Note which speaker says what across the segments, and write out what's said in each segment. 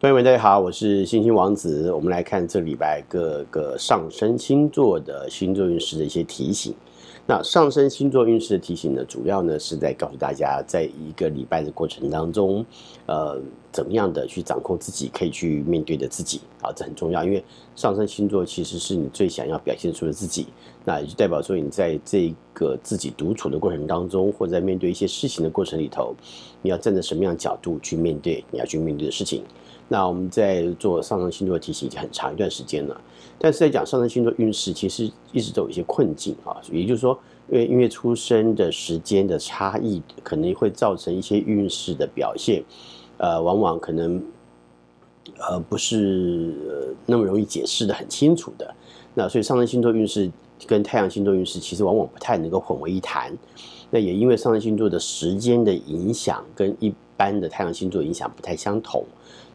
Speaker 1: 朋友們，大家好，我是星星王子。我們來看這禮拜各個上升星座的星座運勢的一些提醒。那上升星座運勢的提醒呢，主要呢是在告訴大家，在一個禮拜的過程當中，呃，怎麼樣的去掌控自己可以去面對的自己啊，這很重要，因為上升星座其實是你最想要表現出的自己，那也就代表說你在這個自己獨處的過程當中，或者在面對一些事情的過程裡頭，你要站在什麼樣的角度去面對你要去面對的事情。那我們在做上升星座的提醒已經很長一段時間了，但是在講上升星座運勢，其實一直都有一些困境啊，也就是。就是說，因為因為出生的時間的差異，可能會造成一些運勢的表現，呃，往往可能，呃，不是、呃、那麼容易解釋得很清楚的。那所以上升星座運勢跟太陽星座運勢其實往往不太能夠混為一談。那也因為上升星座的時間的影響，跟一般的太陽星座影響不太相同。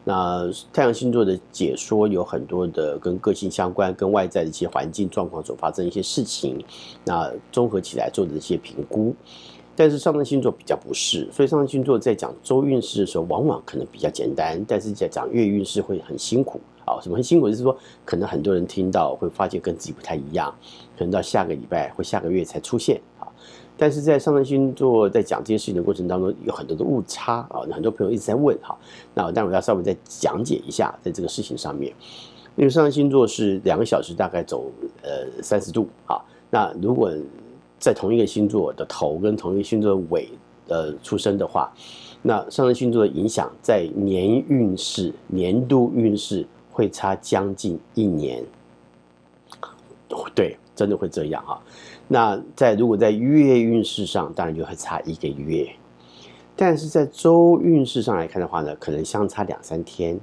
Speaker 1: 那太陽星座的解說有很多的跟個性相關，跟外在的一些環境狀況所發生的一些事情，那綜合起來做的一些評估。但是上升星座比較不是，所以上升星座在講周運勢的時候，往往可能比較簡單，但是在講月運勢會很辛苦啊，什麼很辛苦？就是說，可能很多人聽到會發現跟自己不太一樣，可能到下個禮拜或下個月才出現。但是在上升星座在講這件事情的過程當中，有很多的誤差啊，很多朋友一直在問哈，那我待會兒要稍微再講解一下，在這個事情上面，因為上升星座是兩個小時大概走呃三十度啊，那如果在同一個星座的頭跟同一個星座的尾呃出生的話，那上升星座的影響在年運勢、年度運勢會差將近一年，對，真的會這樣啊。那在如果在月運勢上，當然就還差一個月；但是在周運勢上來看的話呢，可能相差兩三天。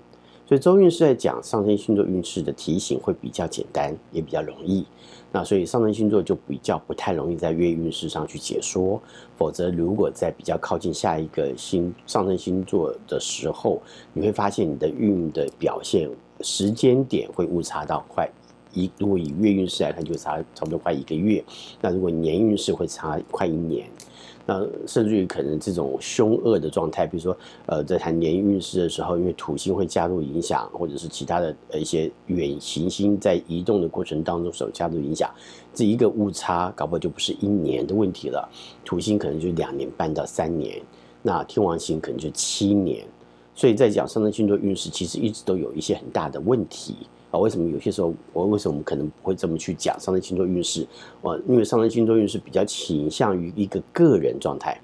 Speaker 1: 所以周運勢在講上升星座運勢的提醒會比較簡單，也比較容易。那所以上升星座就比較不太容易在月運勢上去解說，否則如果在比較靠近下一個星上升星座的時候，你會發現你的運的表現時間點會誤差到快。一，如果以月運勢來看，就差差不多快一個月；那如果年運勢會差快一年，那甚至於可能這種兇惡的狀態，比如說呃，在談年運勢的時候，因為土星會加入影響，或者是其他的呃一些遠行星在移動的過程當中所加入影響，這一個誤差搞不好就不是一年的問題了。土星可能就兩年半到三年，那天王星可能就七年，所以在講上升星座運勢，其實一直都有一些很大的問題。啊，為什麼有些時候我為什麼我們可能不會這麼去講上升星座運勢？我、哦、因為上升星座運勢比較傾向於一個個人狀態。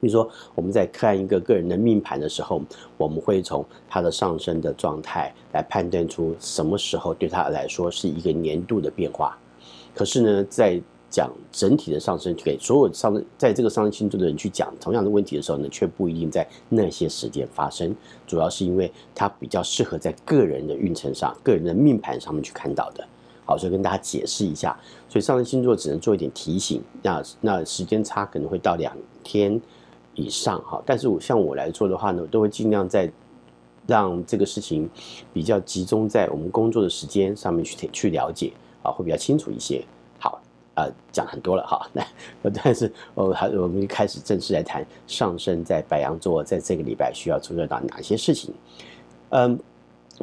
Speaker 1: 比如說我們在看一個個人的命盤的時候，我們會從他的上升的狀態來判斷出什麼時候對他來說是一個年度的變化。可是呢，在講整體的上升，給所有上，在這個上升星座的人去講同樣的問題的時候呢，卻不一定在那些時間發生。主要是因為它比較適合在個人的運程上、個人的命盤上面去看到的。好，所以跟大家解釋一下，所以上升星座只能做一點提醒。那那時間差可能會到兩天以上哈。但是我像我來做的話呢，我都會儘量在讓這個事情比較集中在我們工作的時間上面去去了解啊，會比較清楚一些。啊，講很多了哈，那但是我還我們一開始正式來談上升在白羊座，在這個禮拜需要注意到哪些事情？嗯，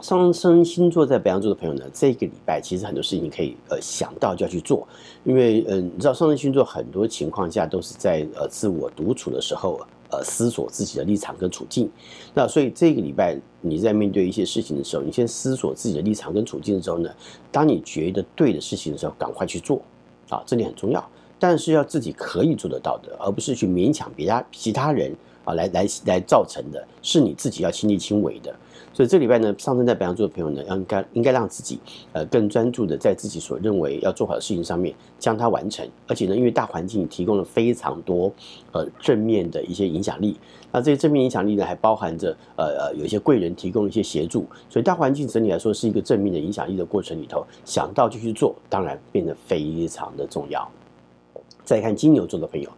Speaker 1: 上升星座在白羊座的朋友呢，這個禮拜其實很多事情你可以呃想到就要去做，因為嗯、呃，你知道上升星座很多情況下都是在呃自我獨處的時候呃思索自己的立場跟處境，那所以這個禮拜你在面對一些事情的時候，你先思索自己的立場跟處境的時候呢，當你覺得對的事情的時候，趕快去做。啊，這點很重要，但是要自己可以做得到的，而不是去勉強別家其他人。啊，來來來，造成的是你自己要親力親為的。所以這禮拜呢，上升在白羊座的朋友呢，要應該應該讓自己呃更專注的在自己所認為要做好的事情上面將它完成。而且呢，因為大環境提供了非常多呃正面的一些影響力，那這些正面影響力呢，還包含着呃呃有一些貴人提供一些協助。所以大環境整體來說是一個正面的影響力的過程裡頭，想到就去做，當然變得非常的重要。再看金牛座的朋友，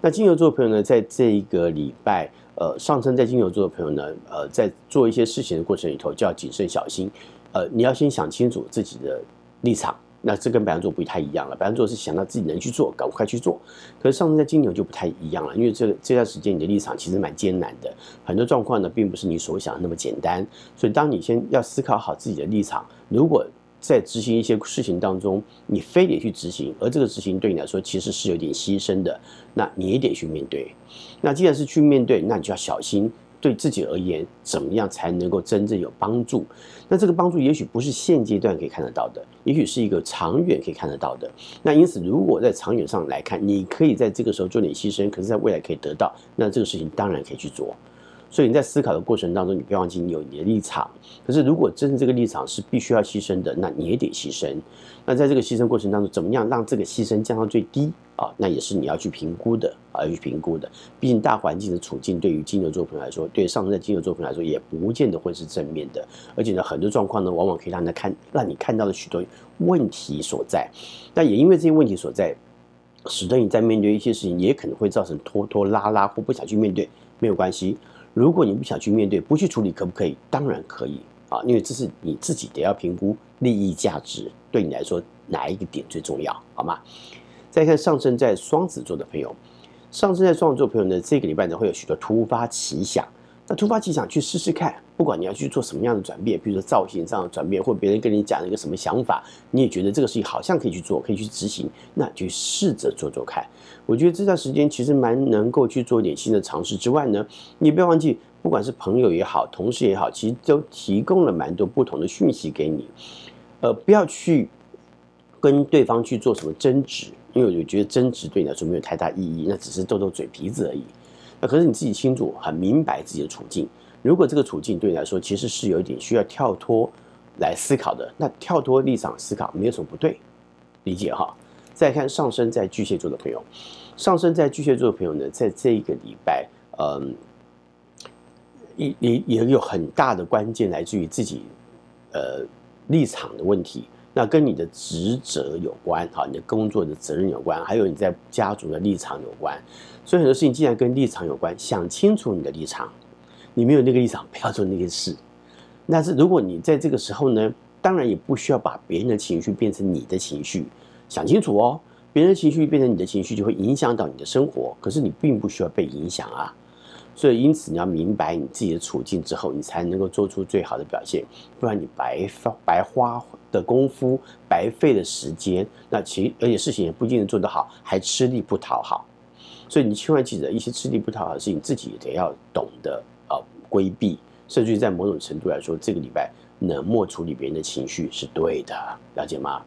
Speaker 1: 那金牛座的朋友呢，在這一個禮拜，呃，上升在金牛座的朋友呢，呃，在做一些事情的過程裡頭，就要謹慎小心，呃，你要先想清楚自己的立場。那這跟白羊座不太一樣了，白羊座是想到自己能去做，趕快去做。可是上升在金牛就不太一樣了，因為這個這段時間你的立場其實蠻艱難的，很多狀況呢，並不是你所想的那麼簡單。所以，當你先要思考好自己的立場，如果在執行一些事情當中，你非得去執行，而這個執行對你來說其實是有點犧牲的，那你也得去面對。那既然是去面對，那你就要小心，對自己而言，怎麼樣才能夠真正有幫助？那這個幫助也許不是現階段可以看得到的，也許是一個長遠可以看得到的。那因此，如果在長遠上來看，你可以在這個時候做點犧牲，可是在未來可以得到，那這個事情當然可以去做。所以你在思考的過程當中，你不要忘記你有你的立場。可是，如果真正這個立場是必須要犧牲的，那你也得犧牲。那在這個犧牲過程當中，怎麼樣讓這個犧牲降到最低啊、哦？那也是你要去評估的啊，要去評估的。畢、哦、竟大環境的處境對於金牛座朋友來說，對上升的金牛座朋友來說，也不見得會是正面的。而且呢，很多狀況呢，往往可以讓你看，讓你看到的許多問題所在。但也因為這些問題所在，使得你在面對一些事情，也可能會造成拖拖拉拉或不想去面對。沒有關係。如果你不想去面對、不去處理，可不可以？當然可以啊，因為這是你自己得要評估利益價值，對你來說哪一個點最重要，好嗎？再看上升在雙子座的朋友，上升在雙子座朋友呢，這個禮拜呢會有許多突發奇想。那突發奇想去試試看，不管你要去做什麼樣的轉變，比如說造型上的轉變，或別人跟你講了一個什麼想法，你也覺得這個事情好像可以去做，可以去執行，那就試着做做看。我覺得這段時間其實蠻能夠去做一點新的嘗試，之外呢，你也不要忘記，不管是朋友也好，同事也好，其實都提供了蠻多不同的訊息給你。呃，不要去跟對方去做什麼爭執，因為我覺得爭執對你來說沒有太大意義，那只是逗逗嘴皮子而已。可是你自己清楚很明白自己的處境，如果這個處境對你來說其實是有一點需要跳脫，來思考的，那跳脫立場思考沒有什麼不對，理解哈。再看上升在巨蟹座的朋友，上升在巨蟹座的朋友呢，在這一個禮拜，嗯，也也也有很大的關鍵來自於自己，呃，立場的問題，那跟你的職責有關哈，你的工作的責任有關，還有你在家族的立場有關。所以很多事情既然跟立場有關，想清楚你的立場，你沒有那個立場，不要做那件事。但是如果你在這個時候呢，當然也不需要把別人的情緒變成你的情緒，想清楚哦，別人的情緒變成你的情緒，就會影響到你的生活。可是你並不需要被影響啊。所以因此你要明白你自己的處境之後，你才能夠做出最好的表現，不然你白白花的功夫，白費的時間，那其而且事情也不一定能做得好，還吃力不討好。所以你千萬記得，一些吃力不討好的事情，自己也得要懂得啊、呃、規避。甚至在某種程度來說，這個禮拜冷漠處理別人的情緒是對的，了解嗎？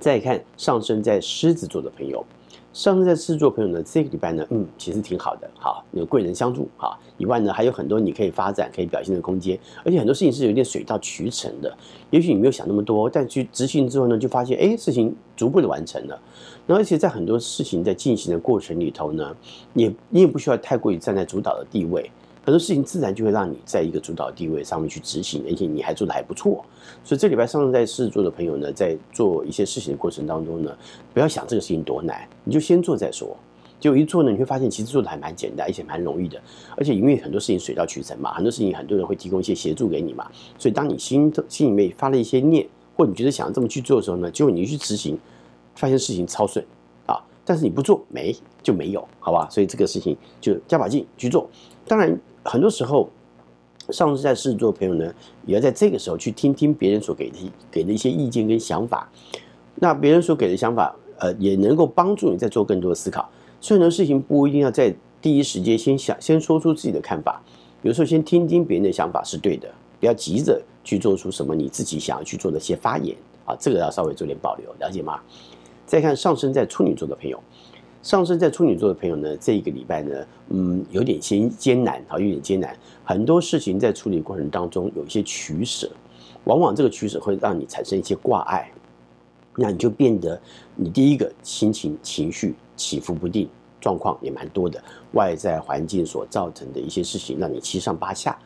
Speaker 1: 再看上升在獅子座的朋友，上升在獅子座的朋友呢，這個禮拜呢，嗯，其實挺好的，好有貴人相助，哈。以外呢，還有很多你可以發展、可以表現的空間，而且很多事情是有點水到渠成的。也許你沒有想那麼多，但去執行之後呢，就發現哎，事情逐步的完成了。然後，而且在很多事情在進行的過程裡頭呢，你你也不需要太過於站在主導的地位，很多事情自然就會讓你在一個主導地位上面去執行，而且你還做得還不錯。所以這禮拜上升在獅子座的朋友呢，在做一些事情的過程當中呢，不要想這個事情多難，你就先做再說。就一做呢，你會發現其實做的還蠻簡單，而且蠻容易的。而且因為很多事情水到渠成嘛，很多事情很多人會提供一些協助給你嘛，所以當你心心裡面發了一些念，或者你覺得想要這麼去做的時候呢，就你去執行。發現事情超順，啊，但是你不做沒就沒有，好吧？所以這個事情就加把勁去做。當然，很多時候，上升在獅子座做朋友呢，也要在這個時候去聽聽別人所給的給的一些意見跟想法。那別人所給的想法，呃，也能夠幫助你再做更多的思考。所以呢，事情不一定要在第一時間先想，先說出自己的看法。有時候先聽聽別人的想法是對的，不要急着去做出什麼你自己想要去做的一些發言啊，這個要稍微做點保留，了解嗎？再看上升在處女座的朋友，上升在處女座的朋友呢，這一個禮拜呢，嗯，有點艱艱難啊，有點艱難，很多事情在處理過程當中有一些取捨，往往這個取捨會讓你產生一些掛礙，那你就變得你第一個心情情緒起伏不定，狀況也蠻多的，外在環境所造成的一些事情讓你七上八下，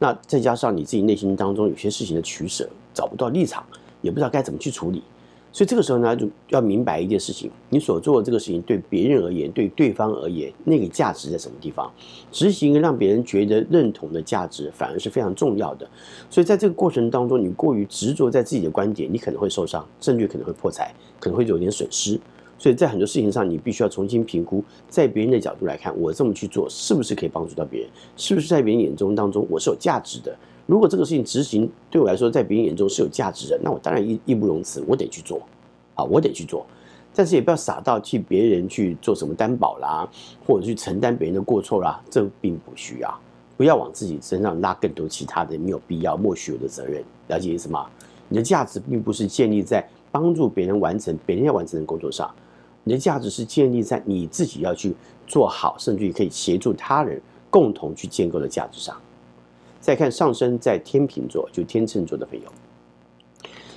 Speaker 1: 那再加上你自己內心當中有些事情的取捨，找不到立場，也不知道該怎麼去處理。所以這個時候呢，就要明白一件事情：你所做的這個事情，對別人而言，對對方而言，那個價值在什麼地方？執行讓別人覺得認同的價值，反而是非常重要的。所以在這個過程當中，你過於執着在自己的觀點，你可能會受傷，甚至可能會破財，可能會有點損失。所以在很多事情上，你必須要重新評估，在別人的角度來看，我這麼去做是不是可以幫助到別人？是不是在別人眼中當中我是有價值的？如果這個事情執行對我來說，在別人眼中是有價值的，那我當然義義不容辭，我得去做，啊，我得去做。但是也不要傻到替別人去做什麼擔保啦，或者去承擔別人的過錯啦，這並不需要。不要往自己身上拉更多其他的沒有必要莫須有的責任，了解意思嗎？你的價值並不是建立在幫助別人完成別人要完成的工作上。你的價值是建立在你自己要去做好，甚至於可以協助他人共同去建構的價值上。再看上升在天秤座，就天秤座的朋友，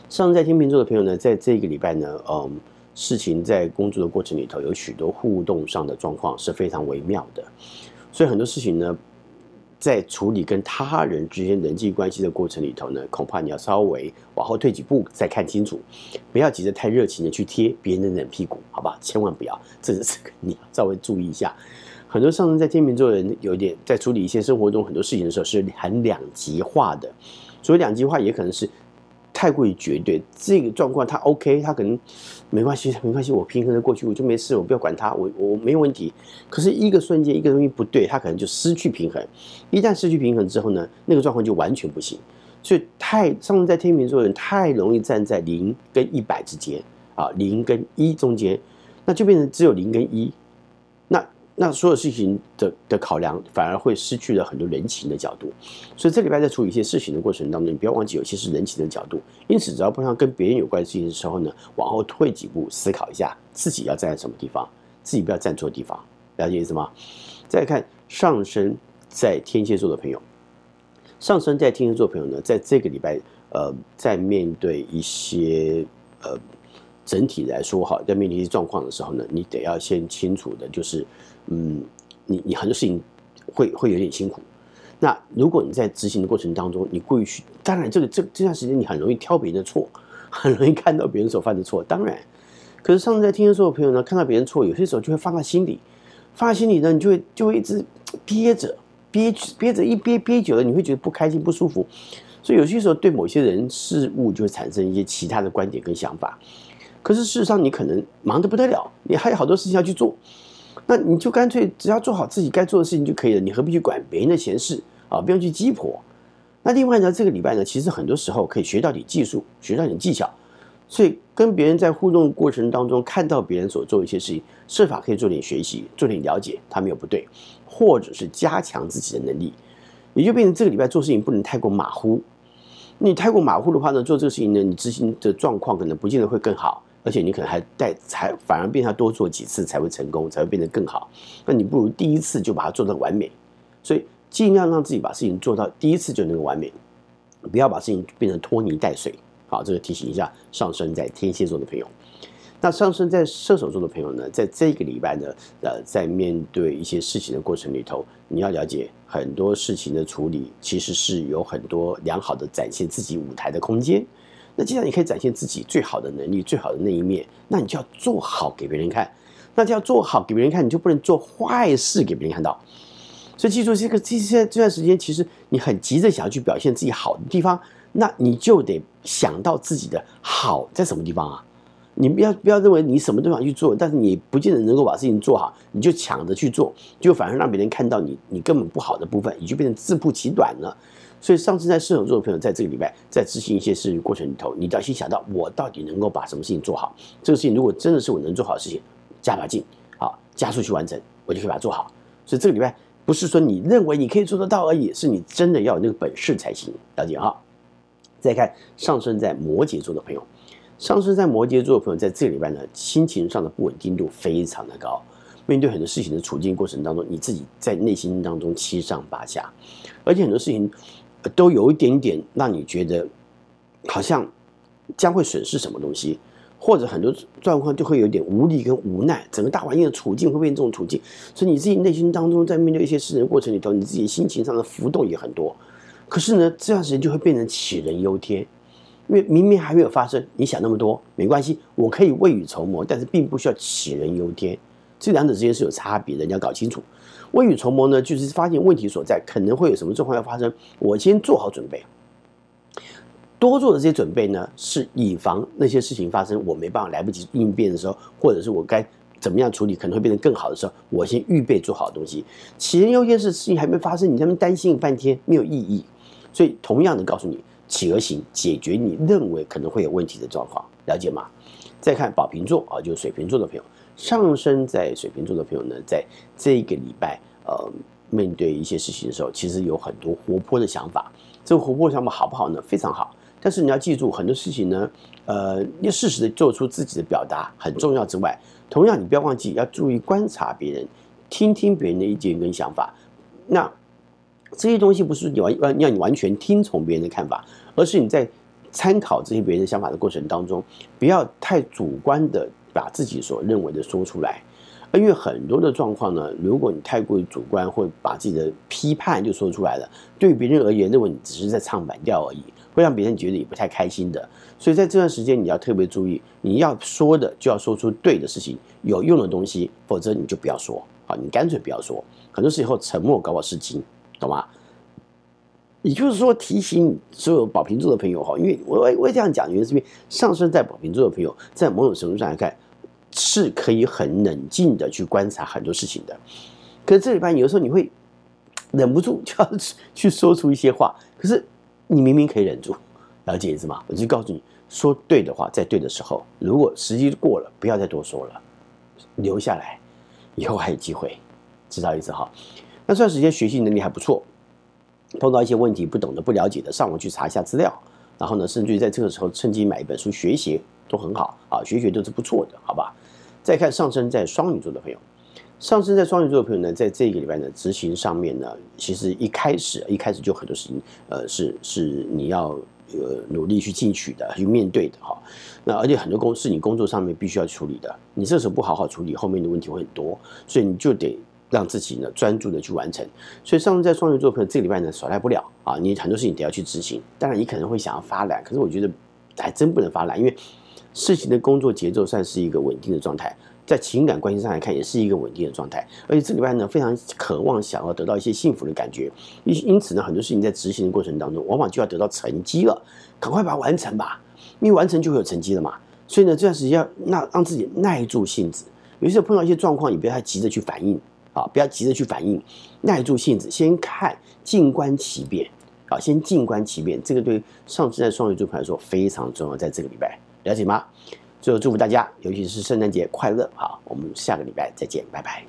Speaker 1: 上升在天秤座的朋友呢，在這個禮拜呢，嗯，事情在工作的過程裡頭，有許多互動上的狀況是非常微妙的，所以很多事情呢。在處理跟他人之間人際關係的過程裡頭呢，恐怕你要稍微往後退幾步再看清楚，不要急着太熱情的去貼別人的冷屁股，好吧？千萬不要，這是這個你要稍微注意一下。很多上升在天秤座的人，有點在處理一些生活中很多事情的時候是很兩極化的，所以兩極化也可能是。太過於絕對，這個狀況他 OK，他可能沒關係，沒關係，我平衡的過去我就沒事，我不要管他，我我沒有問題。可是，一個瞬間一個東西不對，他可能就失去平衡。一旦失去平衡之後呢，那個狀況就完全不行。所以太，上升在天秤座的人太容易站在零跟一百之間啊，零跟一中間，那就變成只有零跟一。那所有事情的的考量，反而會失去了很多人情的角度，所以這禮拜在處理一些事情的過程當中，你不要忘記有些是人情的角度。因此，只要碰到跟別人有關的事情的時候呢，往後退幾步思考一下，自己要站在什麼地方，自己不要站錯地方，了解意思嗎？再來看上升在天蠍座的朋友，上升在天蠍座的朋友呢，在這個禮拜呃，在面對一些呃。整體來說，哈，在面臨一些狀況的時候呢，你得要先清楚的就是，嗯，你你很多事情會會有點辛苦。那如果你在執行的過程當中，你過於去，當然這個這這段時間你很容易挑別人的錯，很容易看到別人所犯的錯。當然，可是上次在聽的時候朋友呢，看到別人錯，有些時候就會放在心裡，放在心裡呢，你就會就會一直憋着，憋憋着一憋憋久了，你會覺得不開心、不舒服。所以有些時候對某些人事物就會產生一些其他的觀點跟想法。可是事實上，你可能忙得不得了，你還有好多事情要去做，那你就乾脆只要做好自己該做的事情就可以了，你何必去管別人的閒事啊？不用去雞婆。那另外呢，這個禮拜呢，其實很多時候可以學到點技術，學到點技巧，所以跟別人在互動過程當中，看到別人所做的一些事情，設法可以做點學習，做點了解，他沒有不對，或者是加強自己的能力，也就變成這個禮拜做事情不能太過馬虎。你太過馬虎的話呢，做這個事情呢，你執行的狀況可能不見得會更好。而且你可能還帶才反而變他多做幾次才會成功，才會變得更好，那你不如第一次就把它做到完美，所以盡量讓自己把事情做到第一次就能夠完美，不要把事情變成拖泥帶水。好，這個提醒一下上升在天蠍座的朋友，那上升在射手座的朋友呢，在這個禮拜呢，呃，在面對一些事情的過程裡頭，你要了解很多事情的處理其實是有很多良好的展現自己舞台的空間。那既然你可以展現自己最好的能力、最好的那一面，那你就要做好給別人看。那就要做好給別人看，你就不能做壞事給別人看到。所以記住，這個這現在這段時間，其實你很急着想要去表現自己好的地方，那你就得想到自己的好在什麼地方啊！你不要不要認為你什麼地方去做，但是你不見得能夠把事情做好，你就搶着去做，就反而讓別人看到你，你根本不好的部分，你就變成自曝其短了。所以，上升在射手座的朋友在這個禮拜在執行一些事情過程裡頭，你要先想到我到底能夠把什麼事情做好。這個事情如果真的是我能做好的事情，加把勁，好加速去完成，我就可以把它做好。所以這個禮拜不是說你認為你可以做得到而已，是你真的要有那個本事才行，了解哈。再看上升在摩羯座的朋友，上升在摩羯座的朋友在這個禮拜呢，心情上的不穩定度非常的高，面對很多事情的處境過程當中，你自己在內心當中七上八下，而且很多事情。都有一點點讓你覺得好像將會損失什麼東西，或者很多狀況就會有點無力跟無奈，整個大環境的處境會變成這種處境，所以你自己內心當中在面對一些事情的過程裡頭，你自己心情上的浮動也很多。可是呢，這段時間就會變成杞人憂天，因為明明還沒有發生，你想那麼多沒關係，我可以未雨綢繆，但是並不需要杞人憂天。這兩者之間是有差別的，你要搞清楚。未雨綢繆呢，就是發現問題所在，可能會有什麼狀況要發生，我先做好準備。多做的這些準備呢，是以防那些事情發生，我沒辦法來不及應變的時候，或者是我該怎麼樣處理，可能會變得更好的時候，我先預備做好東西。杞人憂天是事情還沒發生，你在那擔心半天沒有意義。所以同樣的告訴你，起而行解決你認為可能會有問題的狀況，了解嗎？再看寶瓶座啊，就是水瓶座的朋友。上升在水瓶座的朋友呢，在這個禮拜，呃，面對一些事情的時候，其實有很多活潑的想法。這個活潑想法好不好呢？非常好。但是你要記住，很多事情呢，呃，要適時的做出自己的表達很重要之外，同樣你不要忘記要注意觀察別人，聽聽別人的意見跟想法。那這些東西不是你完完要你完全聽從別人的看法，而是你在參考這些別人的想法的過程當中，不要太主觀的。把自己所認為的說出來，因為很多的狀況呢，如果你太過於主觀，會把自己的批判就說出來了，對別人而言，認為你只是在唱反調而已，會讓別人覺得你不太開心的。所以在這段時間，你要特別注意，你要說的就要說出對的事情、有用的東西，否則你就不要說。好，你乾脆不要說，很多事以後沉默搞搞事情，懂嗎？也就是說，提醒所有寶瓶座的朋友哈，因為我我也我也這樣講，因為這邊上升在寶瓶座的朋友，在某種程度上來看，是可以很冷靜的去觀察很多事情的。可是這裡邊有時候你會忍不住就要去說出一些話，可是你明明可以忍住，了解意思嗎？我就告訴你，說對的話，在對的時候，如果時機過了，不要再多說了，留下來，以後還有機會，知道意思哈？那這段時間學習能力還不錯。碰到一些問題，不懂的、不了解的，上網去查一下資料，然後呢，甚至於在這個時候趁機買一本書學習，都很好啊，學學都是不錯的，好吧？再看上升在雙魚座的朋友，上升在雙魚座的朋友呢，在這個禮拜呢，執行上面呢，其實一開始一開始就很多事情，呃，是是你要呃努力去進取的，去面對的哈。那而且很多工是你工作上面必須要處理的，你這時候不好好處理，後面的問題會很多，所以你就得。讓自己呢，專注的去完成，所以上升在雙魚座朋友這個禮拜呢耍賴不了啊！你很多事情得要去執行，當然你可能會想要發懶，可是我覺得還真不能發懶，因為事情的工作節奏算是一個穩定的狀態，在情感關係上來看也是一個穩定的狀態，而且這禮拜呢，非常渴望想要得到一些幸福的感覺，因因此呢，很多事情在執行的過程當中，往往就要得到成績了，趕快把它完成吧，因為完成就會有成績了嘛。所以呢，這段時間要讓讓自己耐住性子，有些時候碰到一些狀況也不要太急着去反應。啊，不要急着去反應，耐住性子，先看，靜觀其變，啊，先靜觀其變，這個對上升在雙魚座朋友來說非常重要，在這個禮拜，了解嗎？最後祝福大家，尤其是聖誕節快樂，好，我們下個禮拜再見，拜拜。